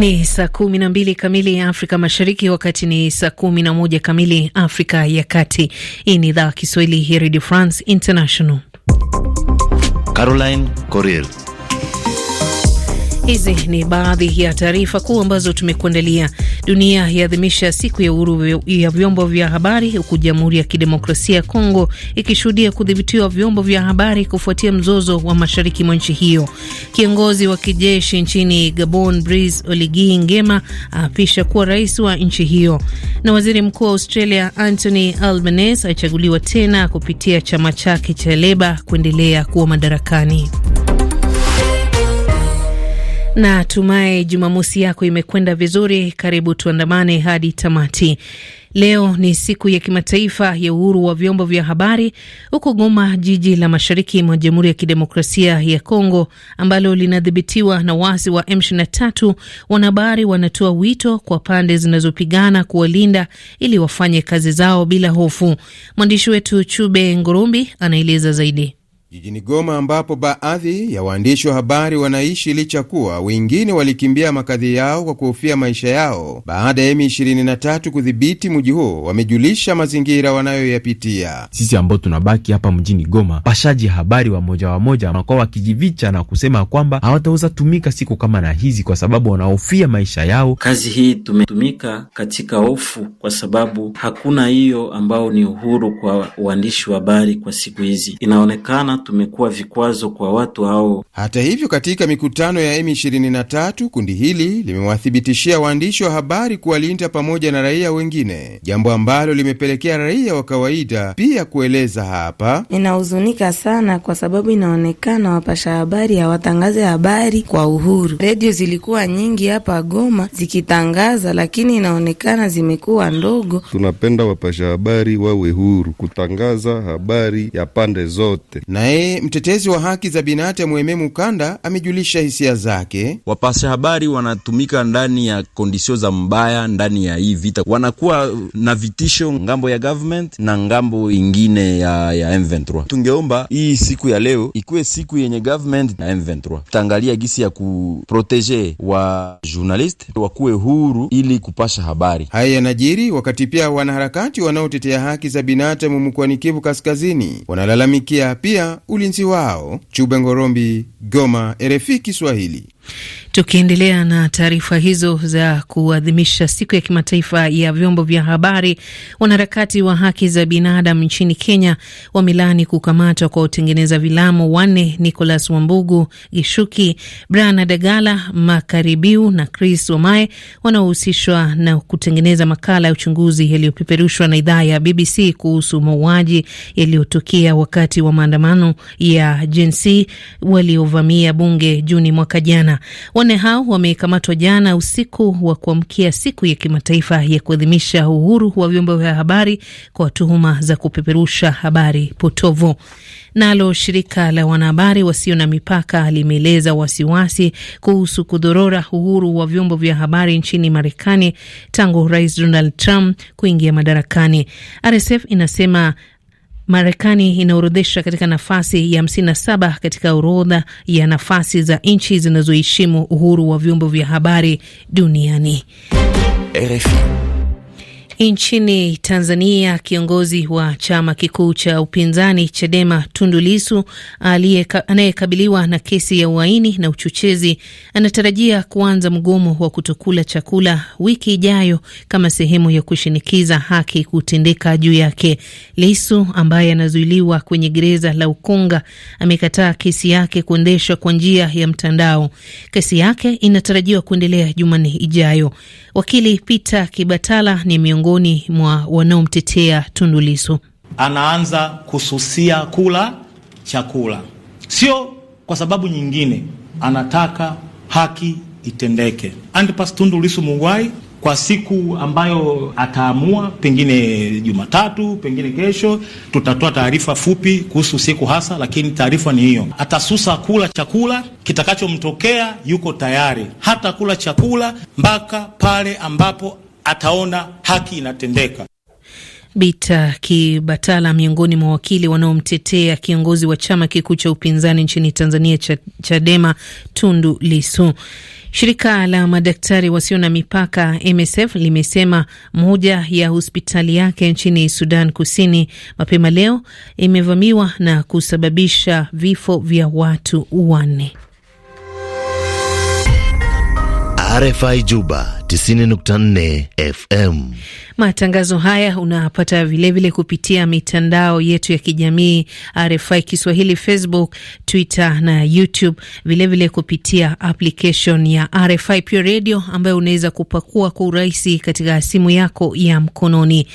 Ni saa kumi na mbili kamili ya Afrika Mashariki, wakati ni saa kumi na moja kamili Afrika ya Kati. Hii ni idhaa Kiswahili ya Radio France International. Caroline Coril. Hizi ni baadhi ya taarifa kuu ambazo tumekuandalia. Dunia yaadhimisha siku ya uhuru ya vyombo vya habari huku Jamhuri ya Kidemokrasia ya Kongo ikishuhudia kudhibitiwa vyombo vya habari kufuatia mzozo wa mashariki mwa nchi hiyo. Kiongozi wa kijeshi nchini Gabon Brice Oligui Nguema aapisha kuwa rais wa nchi hiyo, na waziri mkuu wa Australia Anthony Albanese achaguliwa tena kupitia chama chake cha Leba kuendelea kuwa madarakani na tumai Jumamosi yako imekwenda vizuri. Karibu tuandamane hadi tamati. Leo ni siku ya kimataifa ya uhuru wa vyombo vya habari huko Goma, jiji la mashariki mwa Jamhuri ya Kidemokrasia ya Kongo ambalo linadhibitiwa na waasi wa M23. Wanahabari wanatoa wito kwa pande zinazopigana kuwalinda ili wafanye kazi zao bila hofu. Mwandishi wetu Chube Ngurumbi anaeleza zaidi jijini Goma, ambapo baadhi ya waandishi wa habari wanaishi licha kuwa wengine walikimbia makazi yao kwa kuhofia maisha yao baada ya M23 kudhibiti mji huo, wamejulisha mazingira wanayoyapitia. Sisi ambao tunabaki hapa mjini Goma, pashaji habari wa moja wa moja wanakuwa wakijivicha na kusema kwamba hawataweza tumika siku kama na hizi, kwa sababu wanahofia maisha yao. Kazi hii tumetumika katika hofu, kwa sababu hakuna hiyo ambao ni uhuru kwa waandishi wa habari kwa siku hizi, inaonekana tumekuwa vikwazo kwa watu hao. Hata hivyo, katika mikutano ya M23 kundi hili limewathibitishia waandishi wa habari kuwalinda pamoja na raia wengine, jambo ambalo limepelekea raia wa kawaida pia kueleza hapa, inahuzunika sana kwa sababu inaonekana wapasha habari hawatangaze habari kwa uhuru. Redio zilikuwa nyingi hapa Goma zikitangaza, lakini inaonekana zimekuwa ndogo. Tunapenda wapasha habari wawe huru kutangaza habari ya pande zote na Naye mtetezi wa haki za binadamu Eme Mukanda amejulisha hisia zake. Wapasha habari wanatumika ndani ya kondisio za mbaya, ndani ya hii vita wanakuwa na vitisho ngambo ya government na ngambo ingine ya, ya M23. Tungeomba hii siku ya leo ikuwe siku yenye government na M23 tangalia gisi ya kuproteje wa journalist wakuwe huru ili kupasha habari. Haya yanajiri wakati pia wanaharakati wanaotetea haki za binadamu mkoani Kivu Kaskazini wanalalamikia pia ulinzi wao. Chube Ngorombi, Goma, RFI Kiswahili. Tukiendelea na taarifa hizo za kuadhimisha siku ya kimataifa ya vyombo vya habari, wanaharakati wa haki za binadamu nchini Kenya wamelaani kukamatwa kwa utengeneza vilamu wanne Nicholas Wambugu, Gishuki, Brana Dagala, Makaribiu na Chris Wamae wanaohusishwa na kutengeneza makala ya uchunguzi yaliyopeperushwa na idhaa ya BBC kuhusu mauaji yaliyotokea wakati wa maandamano ya jinsi waliovamia bunge Juni mwaka jana jana. Wanne hao wamekamatwa jana usiku wa kuamkia siku ya kimataifa ya kuadhimisha uhuru wa vyombo vya habari kwa tuhuma za kupeperusha habari potovu. Nalo shirika la wanahabari wasio na mipaka limeeleza wasiwasi kuhusu kudorora uhuru wa vyombo vya habari nchini Marekani tangu Rais Donald Trump kuingia madarakani. RSF inasema Marekani inaorodhesha katika nafasi ya 57 katika orodha ya nafasi za nchi zinazoheshimu uhuru wa vyombo vya habari duniani. RFI. Nchini Tanzania, kiongozi wa chama kikuu cha upinzani Chadema Tundu lisu anayekabiliwa na kesi ya uhaini na uchochezi anatarajia kuanza mgomo wa kutokula chakula wiki ijayo kama sehemu ya kushinikiza haki kutendeka juu yake. lisu ambaye anazuiliwa kwenye gereza la Ukonga amekataa kesi yake kuendeshwa kwa njia ya mtandao. Kesi yake inatarajiwa kuendelea Jumanne ijayo. Wakili Peter Kibatala ni miongoni miongoni mwa wanaomtetea Tundu Lissu. Anaanza kususia kula chakula, sio kwa sababu nyingine, anataka haki itendeke. Antipas Tundu Lissu Mugwai kwa siku ambayo ataamua, pengine Jumatatu, pengine kesho, tutatoa taarifa fupi kuhusu siku hasa, lakini taarifa ni hiyo. Atasusa kula chakula, kitakachomtokea yuko tayari, hata kula chakula mpaka pale ambapo ataona haki inatendeka. Bita Kibatala, miongoni mwa wakili wanaomtetea kiongozi wa chama kikuu cha upinzani nchini Tanzania cha Chadema Tundu lisu Shirika la madaktari wasio na mipaka MSF limesema moja ya hospitali yake nchini Sudan Kusini mapema leo imevamiwa na kusababisha vifo vya watu wanne. RFI Juba 90.4 FM. Matangazo haya unapata vilevile vile kupitia mitandao yetu ya kijamii RFI Kiswahili, Facebook, Twitter na YouTube, vilevile vile kupitia application ya RFI Pure Radio ambayo unaweza kupakua kwa urahisi katika simu yako ya mkononi.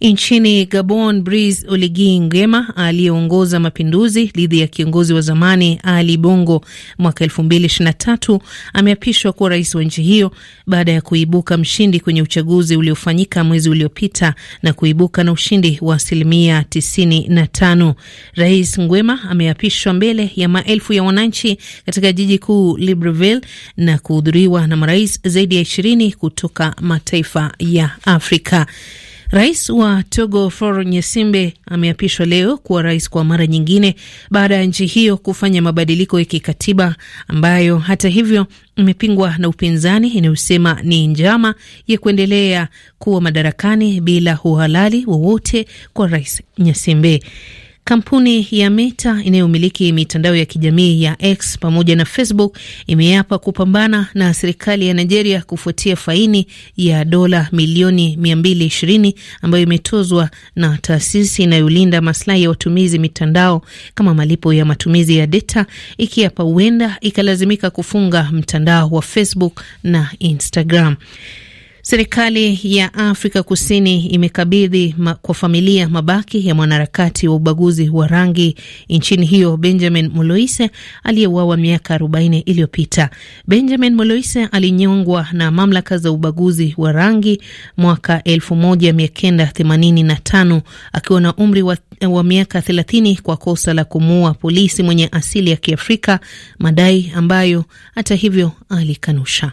Nchini Gabon, Brice Oligui Nguema aliyeongoza mapinduzi dhidi ya kiongozi wa zamani Ali Bongo mwaka elfu mbili na tatu ameapishwa kuwa rais wa nchi hiyo baada ya kuibuka mshindi kwenye uchaguzi uliofanyika mwezi mwezi uliopita na kuibuka na ushindi wa asilimia 95. Rais Ngwema ameapishwa mbele ya maelfu ya wananchi katika jiji kuu Libreville na kuhudhuriwa na marais zaidi ya ishirini kutoka mataifa ya Afrika. Rais wa Togo Faure Nyesimbe ameapishwa leo kuwa rais kwa mara nyingine baada ya nchi hiyo kufanya mabadiliko ya kikatiba ambayo hata hivyo imepingwa na upinzani inayosema ni njama ya kuendelea kuwa madarakani bila uhalali wowote kwa Rais Nyesimbe. Kampuni ya Meta inayomiliki mitandao ya kijamii ya X pamoja na Facebook imeapa kupambana na serikali ya Nigeria kufuatia faini ya dola milioni 220 ambayo imetozwa na taasisi inayolinda maslahi ya watumizi mitandao kama malipo ya matumizi ya data, ikiapa huenda ikalazimika kufunga mtandao wa Facebook na Instagram. Serikali ya Afrika Kusini imekabidhi kwa familia mabaki ya mwanaharakati wa ubaguzi wa rangi nchini hiyo Benjamin Moloise aliyeuawa miaka 40 iliyopita. Benjamin Moloise alinyongwa na mamlaka za ubaguzi wa rangi mwaka 1985 akiwa na umri wa, wa miaka 30 kwa kosa la kumuua polisi mwenye asili ya Kiafrika, madai ambayo hata hivyo alikanusha.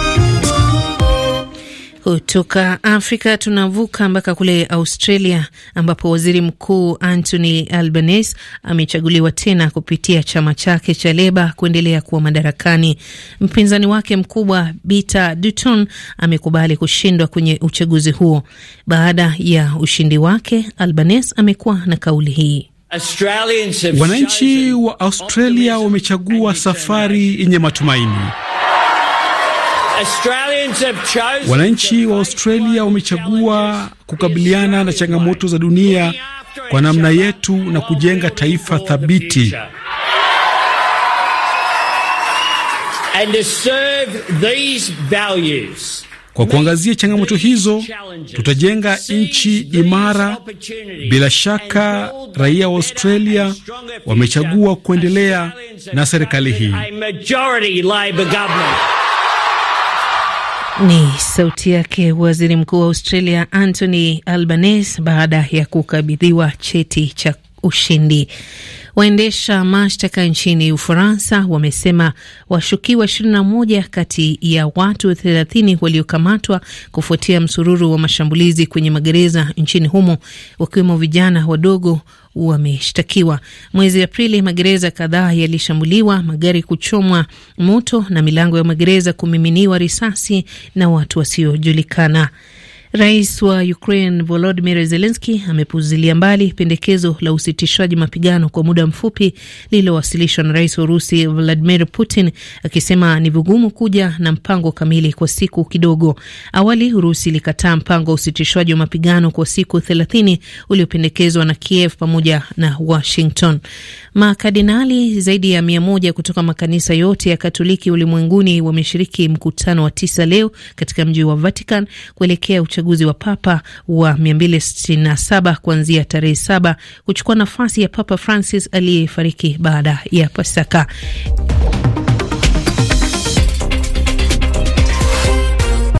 Kutoka Afrika tunavuka mpaka kule Australia ambapo waziri mkuu Anthony Albanese amechaguliwa tena kupitia chama chake cha Leba kuendelea kuwa madarakani. Mpinzani wake mkubwa Peter Dutton amekubali kushindwa kwenye uchaguzi huo. Baada ya ushindi wake, Albanese amekuwa na kauli hii: wananchi wa Australia wamechagua safari yenye matumaini Australia Wananchi wa Australia wamechagua kukabiliana na changamoto za dunia kwa namna yetu na kujenga taifa thabiti. Kwa kuangazia changamoto hizo, tutajenga nchi imara. Bila shaka, raia wa Australia wamechagua kuendelea na serikali hii. Ni sauti yake waziri mkuu wa Australia Anthony Albanese baada ya kukabidhiwa cheti cha ushindi. Waendesha mashtaka nchini Ufaransa wamesema washukiwa 21 kati ya watu 30 waliokamatwa kufuatia msururu wa mashambulizi kwenye magereza nchini humo, wakiwemo vijana wadogo wameshtakiwa. Mwezi Aprili, magereza kadhaa yalishambuliwa, magari kuchomwa moto na milango ya magereza kumiminiwa risasi na watu wasiojulikana. Rais wa Ukraine Volodimir Zelenski amepuzilia mbali pendekezo la usitishwaji mapigano kwa muda mfupi lililowasilishwa na rais wa Urusi Vladimir Putin, akisema ni vigumu kuja na mpango kamili kwa siku kidogo. Awali Urusi ilikataa mpango wa usitishwaji wa mapigano kwa siku 30 uliopendekezwa na Kiev pamoja na Washington. Makardinali zaidi ya mia moja kutoka makanisa yote ya Katoliki ulimwenguni wameshiriki mkutano wa tisa leo katika mji wa Vatican kuelekea uchaguzi wa papa wa 267 kuanzia tarehe 7 kuchukua nafasi ya Papa Francis aliyefariki baada ya Pasaka.